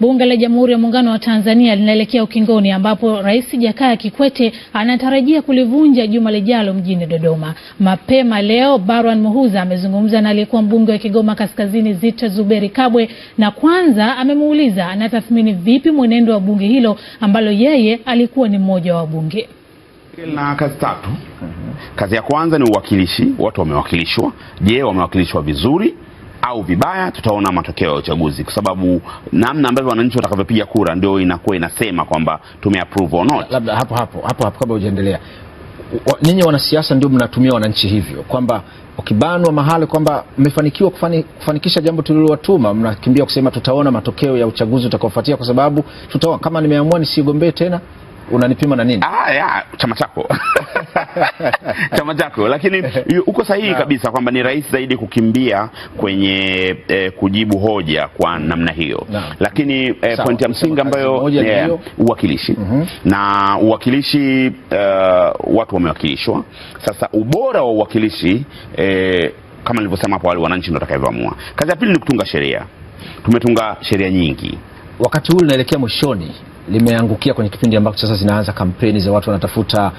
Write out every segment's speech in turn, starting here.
Bunge la Jamhuri ya Muungano wa Tanzania linaelekea ukingoni ambapo Rais Jakaya Kikwete anatarajia kulivunja juma lijalo mjini Dodoma. Mapema leo Barwan Muhuza amezungumza na aliyekuwa mbunge wa Kigoma Kaskazini Zita Zuberi Kabwe na kwanza amemuuliza anatathmini vipi mwenendo wa bunge hilo ambalo yeye alikuwa ni mmoja wa bunge. Na kazi tatu. Kazi ya kwanza ni uwakilishi, watu wamewakilishwa. Je, wamewakilishwa vizuri? au vibaya, tutaona matokeo ya uchaguzi, kwa sababu namna ambavyo wananchi watakavyopiga kura ndio inakuwa inasema kwamba tume approve or not. Labda hapo hapo hapo hapo, kabla hujaendelea, nyinyi wanasiasa ndio mnatumia wananchi hivyo kwamba ukibanwa mahali kwamba mmefanikiwa kufani, kufanikisha jambo tulilowatuma, mnakimbia kusema tutaona matokeo ya uchaguzi utakaofuatia, kwa sababu tutaona kama nimeamua nisigombee tena, unanipima na nini? Ah, ya, chama chako chama chako, lakini uko sahihi kabisa kwamba ni rahisi zaidi kukimbia kwenye eh, kujibu hoja kwa namna hiyo na. Lakini eh, pointi ya msingi ambayo yeah, uwakilishi mm -hmm. na uwakilishi uh, watu wamewakilishwa. Sasa ubora wa uwakilishi eh, kama nilivyosema hapo awali, wananchi ndio watakavyoamua. Kazi ya pili ni kutunga sheria. Tumetunga sheria nyingi, wakati huu unaelekea mwishoni limeangukia kwenye kipindi ambacho sasa zinaanza kampeni za watu wanatafuta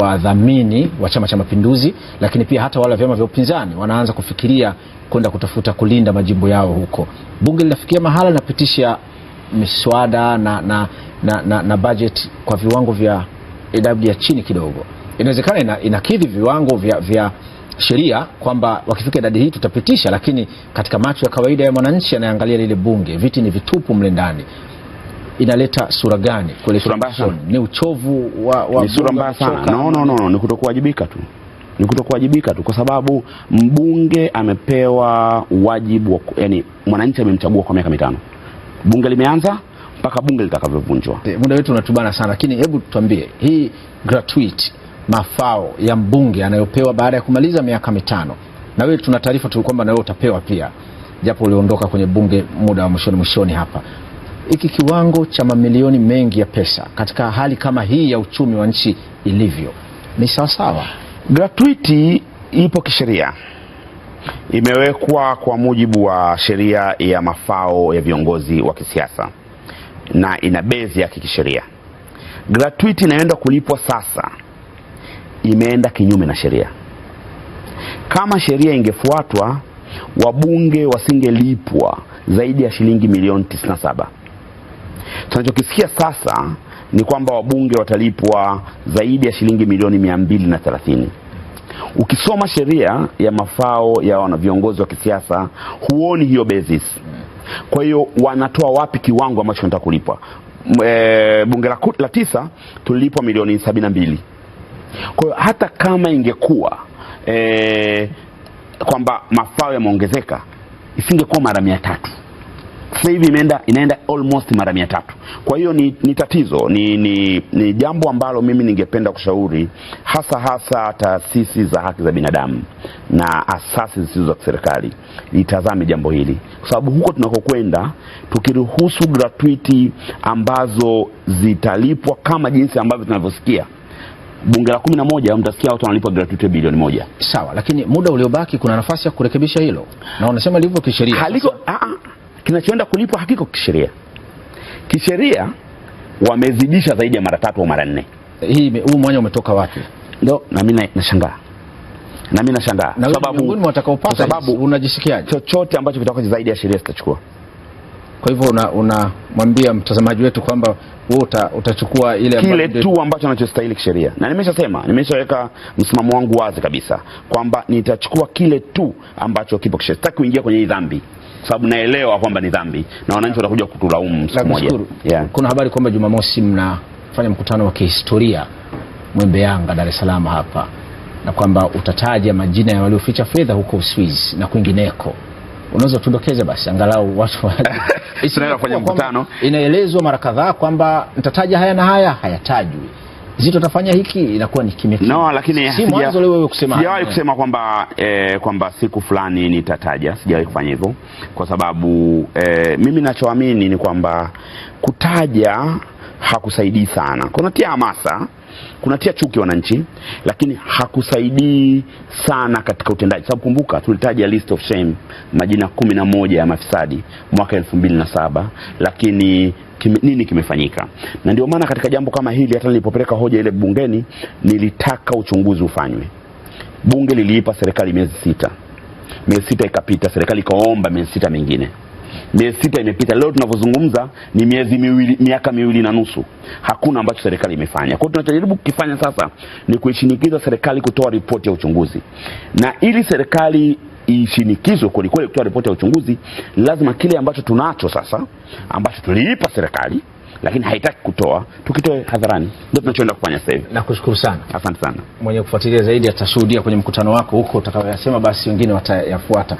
wadhamini wa Chama cha Mapinduzi, lakini pia hata wale vyama vya upinzani wanaanza kufikiria kwenda kutafuta kulinda majimbo yao huko. Bunge linafikia mahala linapitisha miswada na, na, na, na, na bajeti kwa viwango vya idadi ya chini kidogo. Inawezekana ina, inakidhi viwango vya, vya sheria kwamba wakifika idadi hii tutapitisha, lakini katika macho ya kawaida ya mwananchi anayeangalia lile bunge, viti ni vitupu mle ndani inaleta sura gani kule? Sura mbaya sana, ni uchovu wa, wa ni sura mbaya sana. No, no, no, ni kutokuwajibika tu ni kutokuwajibika tu, kwa sababu mbunge amepewa wajibu, yani mwananchi amemchagua kwa miaka mitano, bunge limeanza mpaka bunge litakavyovunjwa. Eh, muda wetu unatubana sana, lakini hebu tuambie hii gratuity mafao ya mbunge anayopewa baada ya kumaliza miaka mitano, na wewe tuna taarifa tu kwamba na wewe utapewa pia, japo uliondoka kwenye bunge muda wa mwishoni mwishoni hapa hiki kiwango cha mamilioni mengi ya pesa katika hali kama hii ya uchumi wa nchi ilivyo ni sawasawa? Gratuiti ipo kisheria, imewekwa kwa mujibu wa sheria ya mafao ya viongozi wa kisiasa na ina bezi yake kisheria. Gratuiti inayoenda kulipwa sasa imeenda kinyume na sheria. Kama sheria ingefuatwa, wabunge wasingelipwa zaidi ya shilingi milioni 97. Tunachokisikia sasa ni kwamba wabunge watalipwa zaidi ya shilingi milioni mia mbili na thelathini. Ukisoma sheria ya mafao ya wana viongozi wa kisiasa huoni hiyo basis. Kwa hiyo wanatoa wapi kiwango ambacho wanataka kulipwa? E, bunge la, la tisa tulilipwa milioni sabini na mbili. Kwa hiyo hata kama ingekuwa e, kwamba mafao yameongezeka isingekuwa mara mia tatu sasa hivi imeenda inaenda almost mara mia tatu. Kwa hiyo ni, ni tatizo ni, ni, ni jambo ambalo mimi ningependa kushauri hasa hasa taasisi za haki za binadamu na asasi zisizo za kiserikali litazame jambo hili, kwa sababu huko tunakokwenda tukiruhusu gratuiti ambazo zitalipwa kama jinsi ambavyo tunavyosikia bunge la kumi na moja mtasikia watu wanalipwa gratuity bilioni moja. Sawa, lakini muda uliobaki kuna nafasi ya kurekebisha hilo, na unasema lilivyo kisheria haliko ah, ah, kinachoenda kulipwa hakiko kisheria. Kisheria wamezidisha zaidi ya mara tatu au mara nne. Hii huu mwanya umetoka wapi? Ndio na mimi nashangaa, na mimi nashangaa, sababu miongoni mwa watakaopata, sababu unajisikiaje? Chochote ambacho kitakuwa zaidi ya sheria sitachukua. Kwa hivyo unamwambia una mtazamaji wetu kwamba wewe uta, utachukua ile kile tu ambacho anachostahili kisheria, na nimeshasema, nimeshaweka msimamo wangu wazi kabisa kwamba nitachukua kile tu ambacho kipo kisheria. Sitaki kuingia kwenye hii dhambi sababu naelewa kwamba ni dhambi na wananchi watakuja kutulaumu siku moja. Yeah. Kuna habari kwamba Jumamosi mnafanya mkutano wa kihistoria Mwembe Yanga Dar es Salaam hapa na kwamba utataja majina ya walioficha fedha huko Uswizi na kwingineko unaweza tudokeze basi angalau watu tunaenda kwenye mkutano. Inaelezwa mara kadhaa kwamba nitataja haya na haya, hayatajwi. Zito atafanya hiki, inakuwa ni kimya No, lakini si mwanzo leo wewe kusema. Sijawahi kusema kwamba eh, kwamba siku fulani nitataja, sijawahi kufanya hivyo kwa sababu eh, mimi ninachoamini ni kwamba kutaja hakusaidii sana, kunatia hamasa, kunatia chuki wananchi, lakini hakusaidii sana katika utendaji, sababu kumbuka, tulitaja list of shame majina kumi na moja ya mafisadi mwaka elfu mbili na saba lakini kime, nini kimefanyika? Na ndio maana katika jambo kama hili, hata nilipopeleka hoja ile bungeni, nilitaka uchunguzi ufanywe. Bunge liliipa serikali miezi sita, miezi sita ikapita, serikali ikaomba miezi sita mingine miezi sita imepita, leo tunavyozungumza ni miezi miwili, miaka miwili na nusu, hakuna ambacho serikali imefanya. Kwa hiyo tunachojaribu kukifanya sasa ni kuishinikiza serikali kutoa ripoti ya uchunguzi, na ili serikali ishinikizwe kwelikweli kutoa ripoti ya uchunguzi, lazima kile ambacho tunacho sasa ambacho tuliipa serikali lakini haitaki kutoa, tukitoe hadharani. Ndio tunachoenda kufanya sasa hivi. Nakushukuru sana, asante sana. Mwenye kufuatilia zaidi atashuhudia kwenye mkutano wako huko, utakayoyasema basi wengine watayafuata.